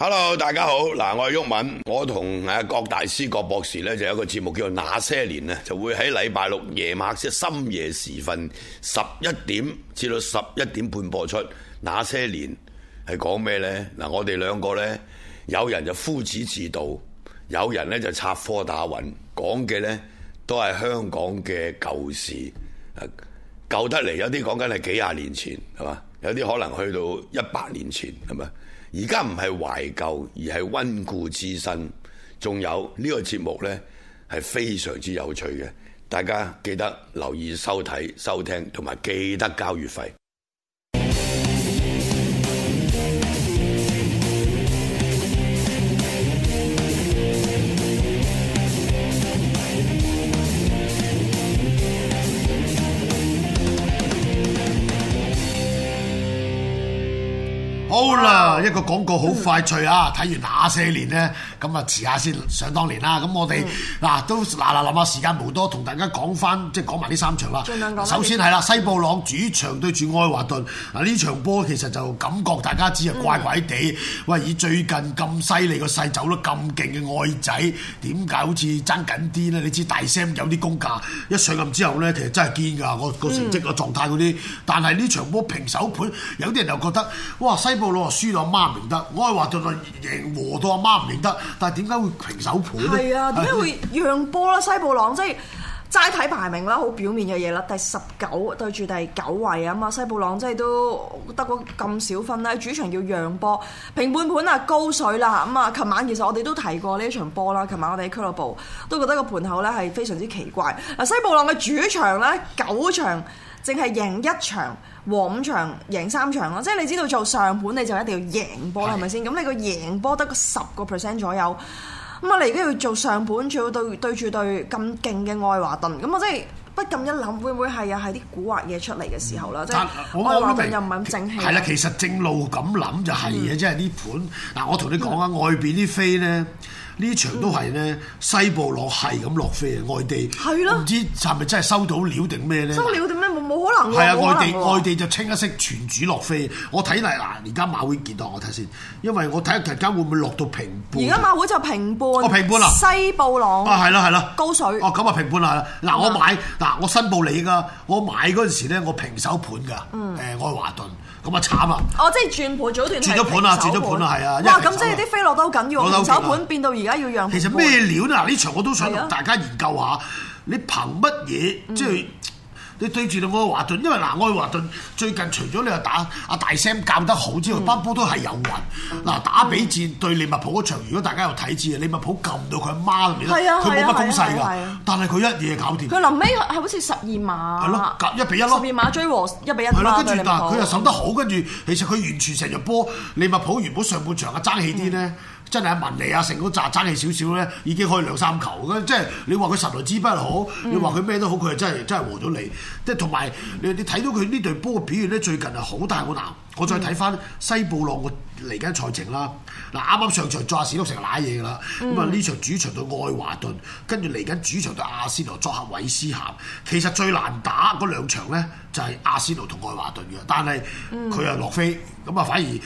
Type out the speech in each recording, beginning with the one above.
Hello，大家好，嗱，我係郁敏，我同誒郭大師、郭博士咧，就有一個節目叫做《那些年》咧，就會喺禮拜六夜晚即深夜時分十一點至到十一點半播出。那些年係講咩呢？嗱，我哋兩個呢，有人就夫子自道，有人呢就插科打諢，講嘅呢，都係香港嘅舊事，舊得嚟有啲講緊係幾廿年前係嘛，有啲可能去到一百年前係嘛。而家唔係懷舊，而係溫故知新。仲有呢個節目咧，係非常之有趣嘅，大家記得留意收睇、收聽同埋記得交月費。啦，一個廣告好快脆啊！睇、嗯、完那些年呢，咁啊遲下先想當年啦。咁我哋嗱、嗯、都嗱嗱諗下時間無多，同大家講翻即係講埋呢三場啦。首先係啦，西布朗主場對住愛華頓嗱，呢場波其實就感覺大家只啊，怪怪地。嗯、喂，以最近咁犀利個勢走得咁勁嘅愛仔，點解好似爭緊啲呢？你知大 s 有啲功架，一上任之後呢，其實真係堅㗎，個個成績個狀態嗰啲。嗯、但係呢場波平手盤，有啲人就覺得哇，西部朗。我輸到阿媽唔認得，我係話對對贏和到阿媽唔認得，但係點解會平手盤咧？係啊，點解會讓波啦？西布朗即係齋睇排名啦，好表面嘅嘢啦，第十九對住第九位啊嘛，西布朗即係都得過咁少分咧，主場要讓波，平半盤啊，高水啦咁啊！琴晚其實我哋都提過呢場波啦，琴晚我哋喺俱樂部都覺得個盤口咧係非常之奇怪。嗱，西布朗嘅主場咧九場，淨係贏一場和五場贏三場咯，即係你知道做上盤你就一定要贏波，係咪先？咁你個贏波得個十個 percent 左右，咁啊，你而家要做上盤，仲要對對住對咁勁嘅愛華頓，咁我真係不禁一諗，會唔會係又係啲古惑嘢出嚟嘅時候咧？真，我我都明，又唔係咁正氣。係啦，其實正路咁諗就係嘅，即係呢盤嗱，我同你講啊，外邊啲飛咧呢場都係咧西布朗係咁落飛啊，外地係咯，唔知係咪真係收到料定咩咧？收到料點樣？冇可能喎！係啊，外地外地就清一色全主落飛。我睇嚟嗱，而家馬會見到，我睇先，因為我睇下突然間會唔會落到平半？而家馬會就平半。我平半啦。西布朗。啊，係啦，係啦。高水。哦，咁啊平半啦。嗱，我買嗱，我申報你噶，我買嗰陣時咧，我平手盤噶。嗯。誒，愛華頓，咁啊慘啊！哦，即係轉盤早段，轉咗盤啦，轉咗盤啦，係啊！哇，咁即係啲飛落都好緊要。平手盤變到而家要讓盤。其實咩料咧？嗱，呢場我都想大家研究下，你憑乜嘢即係？你對住我愛華頓，因為嗱，愛華頓最近除咗你又打阿大 Sam 教得好之外，波波、嗯、都係有雲。嗱、嗯，打比戰對利物浦嗰場，如果大家有睇住，利物浦撳到佢阿媽啊，佢冇乜攻勢㗎。啊啊啊、但係佢一嘢搞掂。佢臨尾係好似十二碼。係咯、啊，一比一咯。十二碼追和一比一。係咯、啊，跟住嗱，佢又守得好，跟住其實佢完全成場波，利物浦原本上半場就爭氣啲咧。嗯真係阿文嚟啊，成個炸爭氣少少咧，已經可以兩三球，即係你話佢神來之筆又好，嗯、你話佢咩都好，佢係真係真係和咗你。即係同埋你你睇到佢呢隊波嘅表現咧，最近係好大好難。我再睇翻西布朗我。嚟緊賽程啦，嗱啱啱上場作阿史碌成瀨嘢㗎啦，咁啊，呢場主場對愛華頓，跟住嚟緊主場對阿仙奴，作客韋斯咸，其實最難打嗰兩場咧就係阿仙奴同愛華頓嘅，但係佢啊落飛，咁啊、嗯、反而誒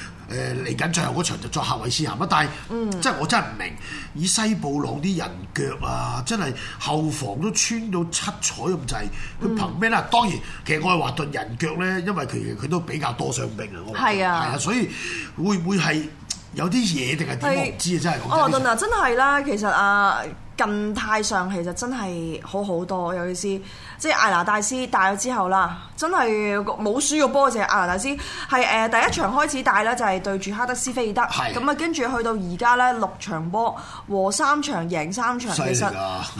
嚟緊最後嗰場就作客韋斯咸啊，但係、嗯、即係我真係唔明。以西布朗啲人腳啊，真係後防都穿到七彩咁滯，佢、嗯、憑咩咧？當然，其實愛華頓人腳咧，因為佢佢都比較多傷兵是啊，係啊，係啊，所以會唔會係有啲嘢定係點？是我唔知啊，真係愛華頓啊，哦、集真係啦，其實啊。近態上其實真係好好多，尤其是，即係艾拿戴斯帶咗之後啦，真係冇輸過波，就係艾拿戴斯係誒第一場開始帶呢，就係、是、對住哈德斯菲爾德，咁啊跟住去到而家呢，六場波和三場贏三場，啊、其實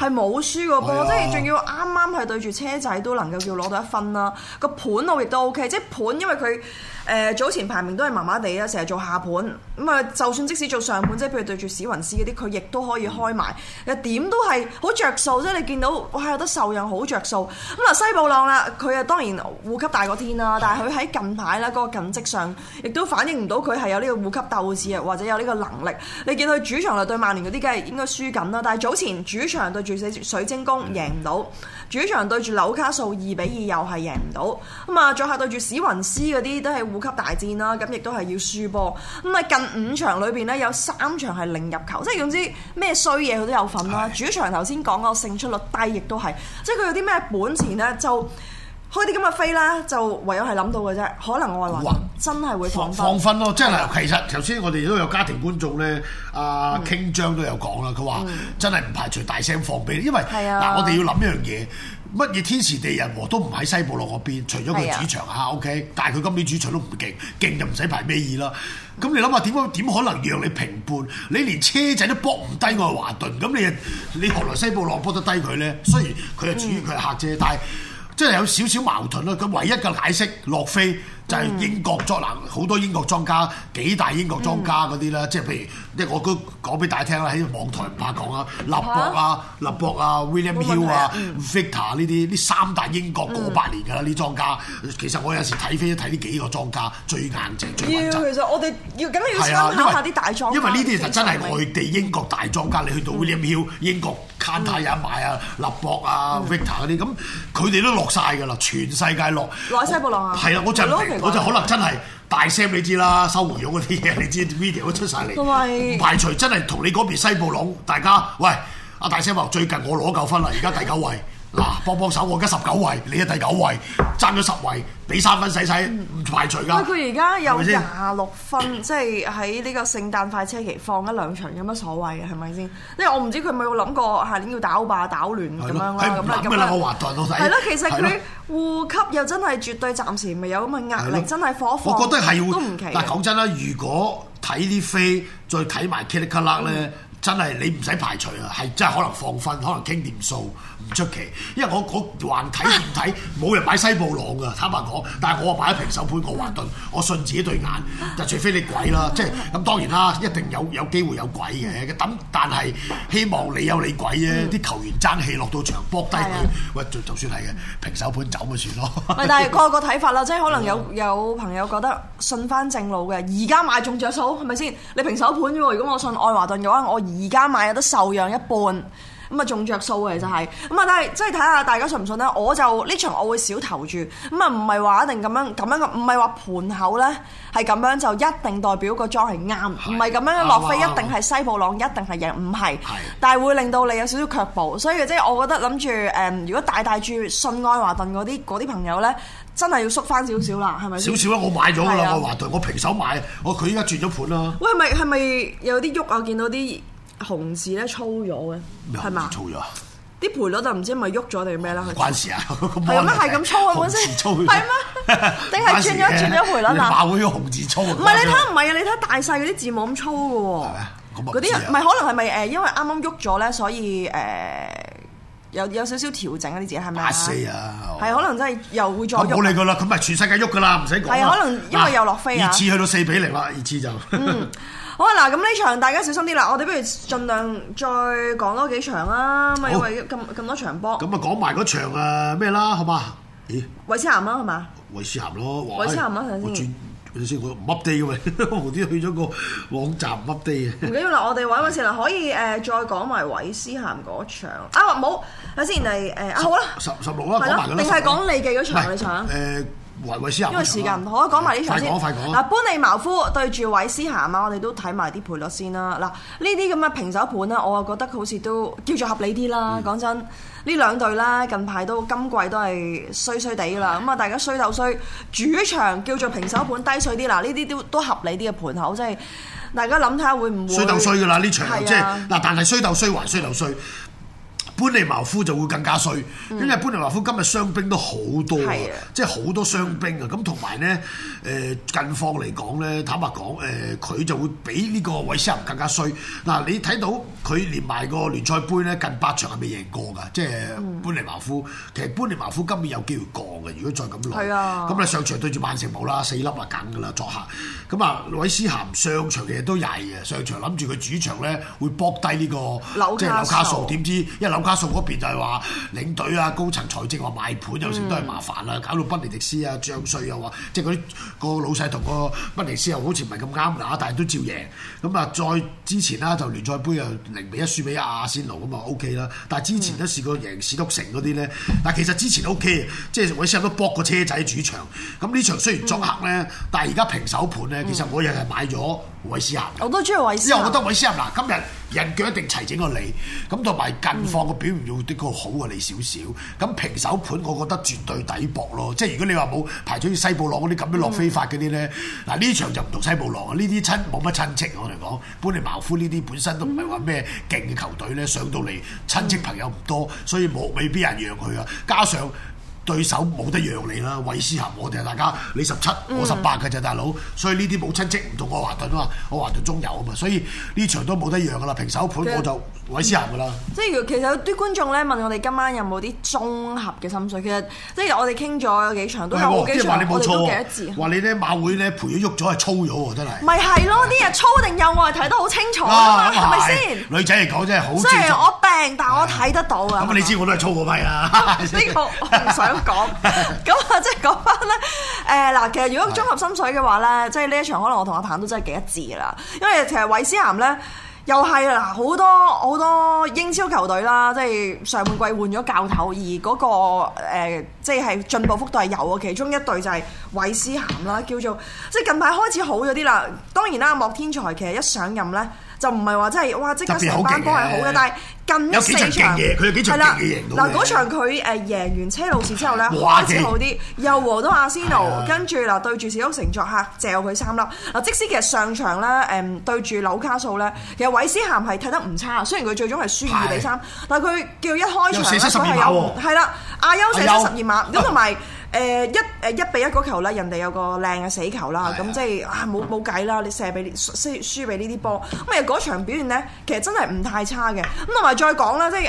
係冇輸過波，哎、呀即係仲要啱啱係對住車仔都能夠叫攞到一分啦。個、哎、呀盤我亦都 O K，即係盤因為佢誒、呃、早前排名都係麻麻地啊，成日做下盤咁啊，就算即使做上，上盤，即係譬如對住史雲斯嗰啲，佢亦都可以開埋一。點都係好着數，即係你見到哇有得受讓好着數。咁啊西布朗啦，佢啊當然護級大過天啦，但係佢喺近排咧個近績上，亦都反映唔到佢係有呢個護級鬥志啊，或者有呢個能力。你見佢主場對曼聯嗰啲梗係應該輸緊啦。但係早前主場對住水晶宮贏唔到，主場對住紐卡素二比二又係贏唔到。咁啊再下對住史雲斯嗰啲都係護級大戰啦，咁亦都係要輸波。咁啊近五場裏邊呢，有三場係零入球，即係總之咩衰嘢佢都有份。是主場頭先講個勝出率低，亦都係，即係佢有啲咩本錢咧，就開啲咁嘅飛啦，就唯有係諗到嘅啫。可能我係話真係會放分，放分咯。的即係其實頭先我哋都有家庭觀眾咧，阿傾張都有講啦，佢話、嗯、真係唔排除大聲放飛，因為嗱的我哋要諗一樣嘢。乜嘢天時地人和都唔喺西布朗嗰邊，除咗佢主場嚇，O K。是啊啊 okay? 但係佢今年主場都唔勁，勁就唔使排咩二啦。咁你諗下點講？點可能讓你平半？你連車仔都搏唔低愛華頓，咁你你何來西布朗搏得低佢呢？雖然佢係主，佢係、嗯、客啫，但係真係有少少矛盾咯。咁唯一嘅解釋，洛飛，就係英國作難好多英國莊家，幾大英國莊家嗰啲啦，即係譬如，即係我都講俾大家聽啦，喺網台唔怕講啦，立博啊、立博啊、William Hill 啊、Victor 呢啲，呢三大英國過百年㗎啦，呢莊家其實我有時睇飛都睇呢幾個莊家最硬淨，最穩陣，其實我哋要緊要參考下啲大莊家，因為呢啲其實真係外地英國大莊家，你去到 William Hill、英國 Cantata 買啊、立博啊、Victor 嗰啲，咁佢哋都落晒㗎啦，全世界落。萊西布落。啊。係啦，我就我就可能真係大聲，你知啦，收回咗嗰啲嘢，你知 video 都出曬嚟。 就是、不排除真係同你嗰邊西布朗，大家喂，阿大聲話最近我攞夠分啦，而家第九位。 嗱、啊，幫幫手，我而家十九位，你係第九位，爭咗十位，俾三分使使，唔排除噶。佢而家有廿六分，即係喺呢個聖誕快車期放一兩場有乜所謂啊？係咪先？因為我唔知佢有冇諗過下年要打歐霸打亂咁的樣啦。咁啊咁啊咁啊！我話代老細。係啦，其實佢護級又真係絕對，暫時未有咁嘅壓力，的的真係火，火我防都唔奇。但係講真啦，如果睇啲飛，再睇埋 Kerikala 咧。真係你唔使排除啊，係真係可能放分，可能傾掂數唔出奇。因為我我橫睇唔睇冇人買西布朗㗎，坦白講。但係我啊買平手盤愛華頓，我信自己對眼。就除非你鬼啦，即係咁當然啦，一定有有機會有鬼嘅。咁但係希望你有你鬼啫。啲、嗯、球員爭氣落到場搏低佢，嗯、喂就就算係嘅平手盤走咪算咯。嗯、 但係個個睇法啦，即係可能有有朋友覺得信翻正路嘅，而家買中着數係咪先？你平手盤啫喎。如果我信愛華頓嘅話，我而家買嘅都受讓一半，咁啊仲着數嘅，就係咁啊！但係即係睇下大家信唔信咧？我就呢場我會少投注。咁啊唔係話一定咁樣咁樣，唔係話盤口咧係咁樣就一定代表個莊係啱是，唔係咁樣。落飛、啊、一定係西布朗，一定係贏，唔係是，但係會令到你有少少卻步。所以即係我覺得諗住誒，如果大大注信愛華頓嗰啲嗰啲朋友咧，真係要縮翻少少啦，係咪少少啊！我買咗㗎啦，愛華頓，哎 e、IDE 我平手買，我佢依家轉咗盤啦。喂，咪係咪有啲喐啊？見到啲。紅字咧粗咗嘅，係嘛？粗咗？啲賠率就唔知係咪喐咗定咩啦？關事啊！係咩？係咁粗啊！本身係咩？定係轉咗轉咗賠率嗱？爆咗啲紅字粗，唔係你睇唔係啊？你睇大細嗰啲字冇咁粗㗎喎，嗰啲唔係可能係咪誒？因為啱啱喐咗咧，所以誒有有少少調整嗰啲字係咪啊？死啊！係可能真係又會再喐。我冇理佢啦，咁咪全世界喐㗎啦，唔使講。係可能因為又落飛啊！二次去到四比零啦，二次就好啊，嗱，咁呢場大家小心啲啦，我哋不如盡量再講多幾場啦，因為咁咁好多場波。咁啊，講埋嗰場啊咩啦，好嗎？咦、欸？韋斯咸啊，係嗎？韋斯咸咯，韋斯咸啊，等先。我轉，等先，我 update 嘅喎，無去咗個網站 update。唔緊要啦，我哋揾一陣啦，可以誒、呃、再講埋韋斯咸嗰場。啊，唔、啊、好，等先嚟誒、呃，好 10, 10, 啦，十十六啦，講定係講利記嗰場嗰場。16, 你韋韋斯咸因為、啊、時間唔好，講埋呢場先。快講快講。嗱，般說、啊、利茅夫對住韋斯咸啊，我哋都睇埋啲賠率先啦。嗱，呢啲咁嘅平手盤啦，我覺得佢好似都叫做合理啲啦。講真，呢兩隊啦，近排都今季都係衰衰地啦。咁啊，大家衰鬥衰，主場叫做平手盤低水啲。嗱，呢啲都都合理啲嘅盤口，即係大家諗睇下會唔會衰鬥衰㗎啦？呢場即係嗱，是啊、但係衰鬥衰還衰鬥衰。衰鬥衰本尼茅夫就會更加衰，嗯、因為本尼茅夫今日傷兵都好多的即係好多傷兵啊。咁同埋咧，誒、呃、近況嚟講咧，坦白講，誒、呃、佢就會比呢個韋斯咸更加衰。嗱、呃，你睇到佢連埋個聯賽杯咧，近八場係未贏過㗎，即係本尼茅夫。嗯、其實本尼茅夫今年有機會降嘅，如果再咁落，咁你的上場對住曼城冇啦，四粒啊緊㗎啦，作客。咁、嗯、啊、呃、韋斯咸上場嘅嘢都曳嘅，上場諗住佢主場咧會搏低呢個即係紐卡素，點知一紐加叔嗰邊就係話領隊啊、高層財政話賣盤有時都係麻煩啦、啊，搞到賓尼迪斯啊、漲稅又話，即係嗰啲個老細同個賓尼斯又好似唔係咁啱啊，但係都照贏。咁啊，再之前啦，就聯賽杯啊，零比一輸俾阿仙奴咁啊，OK 啦。但係之前都試過贏史篤城嗰啲咧，嗯、但係其實之前、就是、都 OK 即係我先入都博個車仔主場。咁呢場雖然作客咧，嗯、但係而家平手盤咧，其實我又係買咗。嗯韋斯咸，我都中意韋斯。因為我覺得韋斯咸嗱，今日人腳一定齊整過你，咁同埋近況個表現要的確好過你少少。咁、嗯、平手盤，我覺得絕對抵博咯。即係如果你話冇排咗西布朗嗰啲咁樣落飛法嗰啲咧，嗱呢、嗯、場就唔同西布朗啊。呢啲親冇乜親戚，我嚟講，本嚟茅夫呢啲本身都唔係話咩勁嘅球隊咧，上到嚟、嗯、親戚朋友唔多，所以冇未必人讓佢啊。加上。對手冇得讓你啦，韋斯咸，我哋大家，你十七，我十八嘅啫，大佬，所以呢啲冇親戚唔同愛華頓啊嘛，愛華頓中游啊嘛，所以呢場都冇得讓噶啦，平手一盤我就，嗯韋思涵噶啦，即係其實有啲觀眾咧問我哋今晚有冇啲綜合嘅心水，其實即係我哋傾咗有幾場，都係好幾場，我哋都幾一致。話你咧馬會咧賠喐咗係粗咗喎，真係。咪係咯，啲人粗定幼我係睇得好清楚啊嘛，係咪先？女仔嚟講真係好。雖然我病，但我睇得到啊。咁你知我都係粗過批啊？呢個我唔想講。咁啊，即係講翻咧，誒嗱，其實如果綜合心水嘅話咧，即係呢一場可能我同阿鵬都真係幾一致噶啦，因為其實韋思涵咧。又係啦，好多好多英超球隊啦，即係上半季換咗教頭，而嗰個、呃、即係係進步幅度係有嘅。其中一隊就係韋斯咸啦，叫做即係近排開始好咗啲啦。當然啦，莫天才其實一上任呢。就唔係話真係，哇！即刻成班波係好嘅，但係近一四場係啦。嗱，嗰場佢誒贏完車路士之後咧，開始好啲，又和到阿仙奴，跟住嗱，對住史篤城作客，借射佢三粒。嗱，即使其實上場咧誒對住紐卡素咧，其實韋斯咸係睇得唔差，雖然佢最終係輸二比三，但係佢叫一開場佢係有，係啦，阿優射出十二碼咁同埋。誒、呃、一誒一比一嗰球啦，人哋有個靚嘅死球啦，咁是的、嗯、即係啊冇冇計啦，你射俾輸輸俾呢啲波。咁啊嗰場表現咧，其實真係唔太差嘅。咁同埋再講啦，即係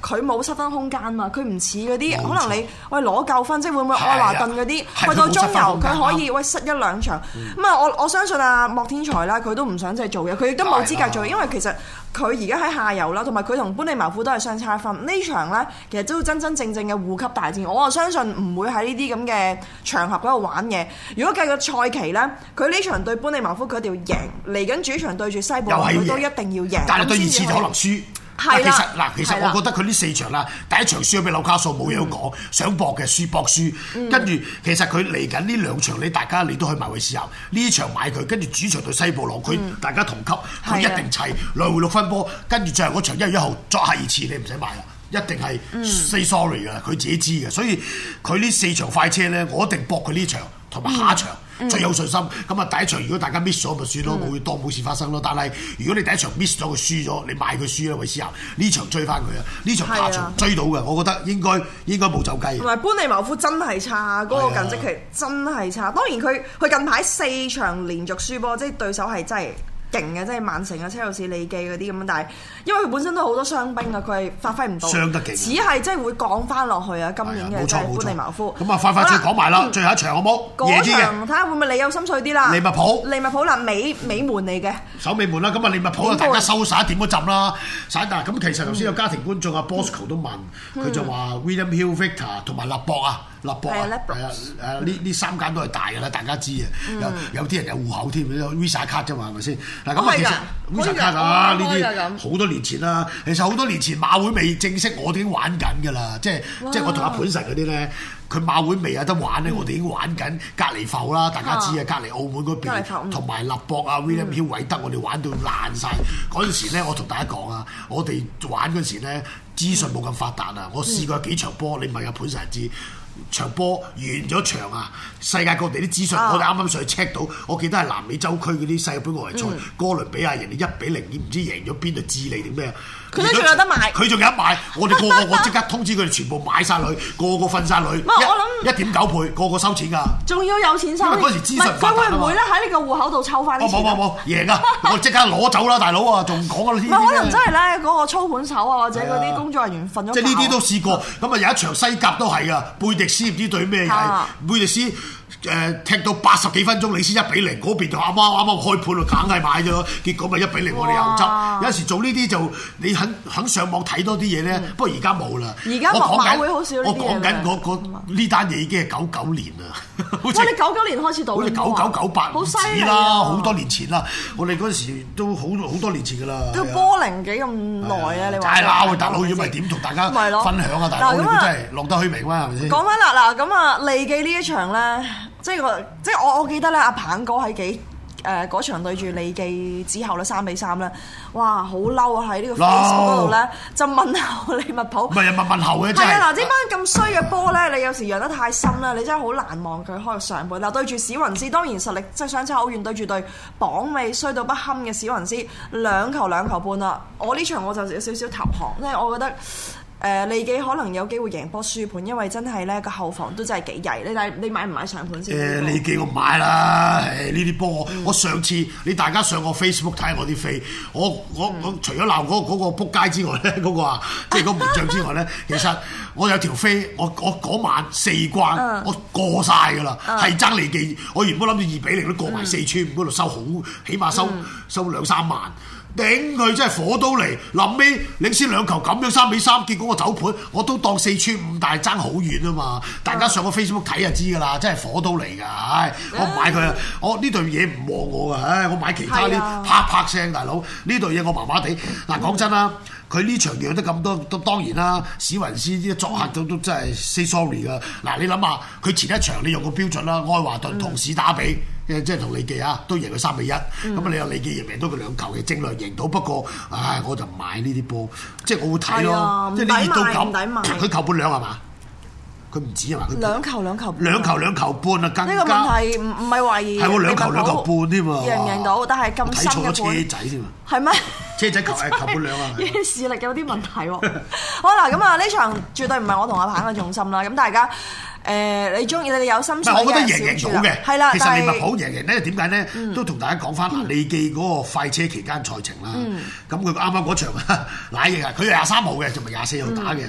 誒佢冇失分空間嘛，佢唔似嗰啲可能你喂攞夠分，即係會唔會愛華頓嗰啲去到中游，佢可以喂失一兩場。咁啊、嗯嗯，我我相信阿、啊、莫天才啦，佢都唔想即係做嘢，佢亦都冇資格做，嘢，是的 因為其實。佢而家喺下游啦，同埋佢同本尼茅夫都係相差分，場，呢場咧，其實都真真正正嘅護級大戰。我相信唔會喺呢啲咁嘅場合嗰度玩嘢，如果計個賽期咧，佢呢場對本尼茅夫，佢哋要贏。嚟緊主場對住西布朗，佢都一定要贏，但係對二次可能輸。是啊、其實嗱、啊，其實我覺得佢呢四場啦，啊、第一場輸咗俾紐卡素冇嘢講，嗯、想搏嘅輸搏輸，跟住、嗯、其實佢嚟緊呢兩場，你大家你都可以埋位試下，呢場買佢，跟住主場對西布朗佢大家同級，佢、啊、一定砌，啊、來回六分波，跟住最後嗰場一月一號作下二次你唔使買啦，一定係 say sorry 噶，佢、嗯、自己知嘅，所以佢呢四場快車呢，我一定搏佢呢場同埋下一場。嗯最有信心，咁啊、嗯、第一場如果大家 miss 咗咪算咯，會、嗯、當冇事發生咯。但係如果你第一場 miss 咗佢輸咗，你買佢輸啦，我意思。呢場追翻佢啊，呢場下場追到嘅，的我覺得應該應該冇走雞的。同埋班尼茅夫真係差，嗰、那個近績期真係差。的當然佢佢近排四場連續輸波，即係對手係真係。勁嘅，即係曼城啊、車路士、利記嗰啲咁樣，但係因為佢本身都好多傷兵啊，佢係發揮唔到，傷得勁，只係即係會降翻落去啊！今年嘅即係般尼茅夫。咁啊，快快脆講埋啦，最後一場好冇？夜場睇下會唔會你有心碎啲啦。利物浦。利物浦啦，美美門嚟嘅。首尾門啦，咁啊利物浦啊，大家收曬一點嗰陣啦。嗱，咁其實頭先有家庭觀眾啊，Bosco 都問，佢就話 William Hill Victor 同埋立博啊。立博啊，啊，誒呢呢三間都係大㗎啦，大家知啊。有有啲人有戶口添，Visa 卡啫嘛，係咪先？嗱咁啊，其實 Visa 卡啊，呢啲好多年前啦。其實好多年前馬會未正式，我哋已經玩緊㗎啦。即係即係我同阿鵬神嗰啲咧，佢馬會未有得玩咧，我哋已經玩緊隔離埠啦。大家知啊，隔離澳門嗰邊同埋立博啊，William Hill 韋德，我哋玩到爛晒。嗰陣時咧，我同大家講啊，我哋玩嗰時咧資訊冇咁發達啊。我試過幾場波，你問阿鵬神知。場波完咗場啊！世界各地啲資訊，我哋啱啱上去 check 到，我記得係南美洲區嗰啲世盃外圍賽，哥倫比亞人哋一比零，點唔知贏咗邊度智利定咩啊？佢都仲有得買，佢仲有得買，我哋個個我即刻通知佢哋全部買晒，佢，個個分晒，佢。唔係我諗一點九倍，個個收錢㗎。仲要有錢收，唔係佢會唔會咧喺你個戶口度抽翻？冇，冇，冇，贏啊！我即刻攞走啦，大佬啊！仲講啊！唔係可能真係咧嗰個操盤手啊，或者嗰啲工作人員瞓咗。即係呢啲都試過，咁啊有一場西甲都係啊。迪斯唔知對咩嘢，貝迪斯。誒踢到八十幾分鐘，你先一比零，嗰邊就啱啱啱啱開盤咯，梗係買咗，結果咪一比零，我哋又執。有時做呢啲就你肯肯上網睇多啲嘢咧。不過而家冇啦，而家買會好少，我講緊我呢單嘢已經係九九年啦。哇！你九九年開始到好似九九九八，好犀利啦！好多年前啦，我哋嗰陣時都好好多年前㗎啦。都波零幾咁耐啊！你話係啦，大佬要咪點同大家分享啊？大佬真係落得虛名啦，係咪先？講翻啦，嗱咁啊，利記呢一場咧。即係我，即係我，我記得咧，阿鵬哥喺幾誒嗰場對住利記之後咧三比三咧，哇！好嬲啊，喺呢個 Facebook 嗰度咧就問候利物浦，唔係問問候嘅啫。係啊，嗱，呢班咁衰嘅波咧，你有時贏得太深咧，你真係好難望佢開上盤，嗱，對住史雲斯當然實力即係相差好遠，對住對榜尾衰到不堪嘅史雲斯兩球兩球半啦。我呢場我就有少少投降，因為我覺得。誒、呃、利記可能有機會贏波輸盤，因為真係咧個後防都真係幾曳。你睇你買唔買上盤先？誒、呃、利記我唔買啦，呢啲波我上次你大家上我 Facebook 睇下我啲飛，我我我，我除咗鬧嗰嗰個撲街、那個、之外咧，嗰、那個啊即係嗰門將之外咧， 其實我有條飛，我我嗰晚四關、嗯、我過晒㗎啦，係爭、嗯、利記，我原本諗住二比零都過埋四千嗰度收好，起碼收收兩三萬。頂佢真係火都嚟，臨尾領先兩球咁樣三比三，結果我走盤，我都當四千五，但係爭好遠啊嘛！大家上個 Facebook 睇就知㗎啦，真係火都嚟㗎，我唔買佢啊！嗯、我呢對嘢唔旺我啊！唉，我買其他啲啪啪聲、啊、大佬呢對嘢我麻麻地。嗱、嗯啊、講真啦，佢呢場贏得咁多，當然啦、啊，史雲斯作客都都真係 say sorry 㗎。嗱、啊、你諗下，佢前一場你用個標準啦，愛華頓同史打比。嗯即係同李記啊，都贏佢三比一，咁你又李記贏贏到佢兩球嘅，精嚟贏到。不過，唉，我就唔買呢啲波，即係我會睇咯。即係呢二到咁，佢球半兩係嘛？佢唔止啊，佢兩球兩球兩球兩球半啊！呢個問題唔唔係懷疑係我兩球兩球半添喎，贏唔贏到？但係咁深嘅盤，睇錯咗車仔添啊，係咪？車仔球係球半兩啊！視力有啲問題喎。好嗱，咁啊呢場絕對唔係我同阿鵬嘅重心啦。咁大家。誒，你中意你有心我覺得贏贏到嘅，係啦。其實你咪好贏贏咧，點解咧？都同大家講翻利記嗰個快車期間賽程啦。咁佢啱啱嗰場瀨嘢啊，佢係廿三號嘅，就咪廿四號打嘅，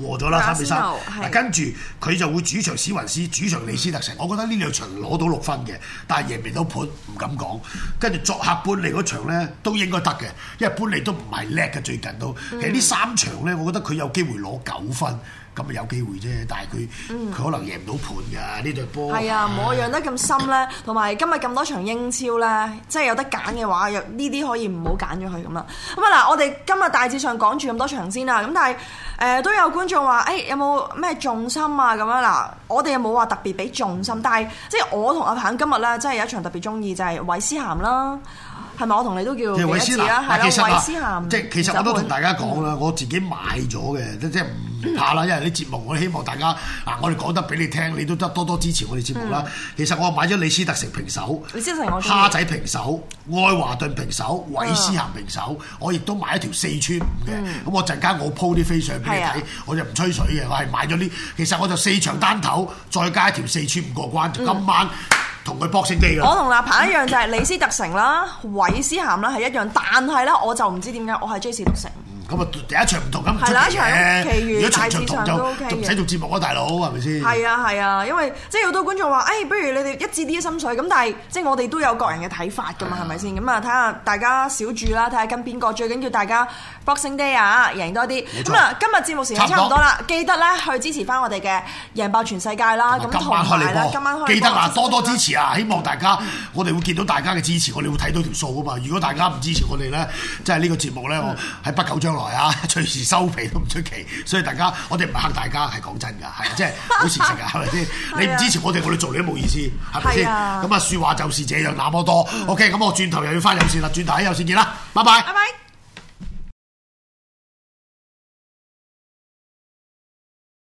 和咗啦三比三。跟住佢就會主場史雲斯，主場李斯特城。我覺得呢兩場攞到六分嘅，但係贏唔到盤唔敢講。跟住作客搬嚟嗰場咧，都應該得嘅，因為搬嚟都唔係叻嘅，最近都。其實呢三場咧，我覺得佢有機會攞九分。今日有機會啫，但係佢佢可能贏唔到盤噶呢對波。係啊、嗯，唔好養得咁深咧。同埋 今日咁多場英超咧，即係有得揀嘅話，又呢啲可以唔好揀咗佢咁啦。咁啊嗱，我哋今日大致上講住咁多場先啦。咁但係誒、呃、都有觀眾話，誒、欸、有冇咩重心啊？咁樣嗱，我哋又冇話特別俾重心，但係即係我同阿鵬今日咧，真係有一場特別中意就係、是、韋斯咸啦。係咪我同你都叫支持啦？係啦，韋斯咸，即係其實我都同大家講啦，我自己買咗嘅，即即係唔怕啦，因為啲節目，我希望大家，嗱，我哋講得俾你聽，你都得多多支持我哋節目啦。其實我買咗李斯特城平手，李斯特蝦仔平手，愛華頓平手，韋斯咸平手，我亦都買一條四穿五嘅，咁我陣間我鋪啲飛上俾你睇，我就唔吹水嘅，我係買咗啲，其實我就四場單頭，再加一條四穿五過關，就今晚。同佢搏成地㗎，我同阿鵬一樣就係、是、李斯特城啦、韋斯咸啦係一樣，但係咧我就唔知點解我係支持曼城。咁啊，第一場唔同咁出嘢，如果場場同就唔使做節目啊，大佬係咪先？係啊係啊，因為即係好多觀眾話，誒不如你哋一致啲心水咁，但係即係我哋都有個人嘅睇法㗎嘛，係咪先？咁啊，睇下大家小注啦，睇下跟邊個，最緊要大家搏勝啲啊，贏多啲。咁啊，今日節目時間差唔多啦，記得咧去支持翻我哋嘅贏爆全世界啦，咁同埋咧今晚去記得啊，多多支持啊！希望大家，我哋會見到大家嘅支持，我哋會睇到條數啊嘛。如果大家唔支持我哋咧，即係呢個節目咧，我喺北九章。來啊，隨時收皮都唔出奇，所以大家，我哋唔係嚇大家，係講真噶，係即係好事實噶，係咪先？你唔支持我哋，我哋做你都冇意思，係咪先？咁啊，說話就是這樣那麼多。 OK，咁我轉頭又要翻有線啦，轉頭喺有線見啦，拜拜。Bye bye.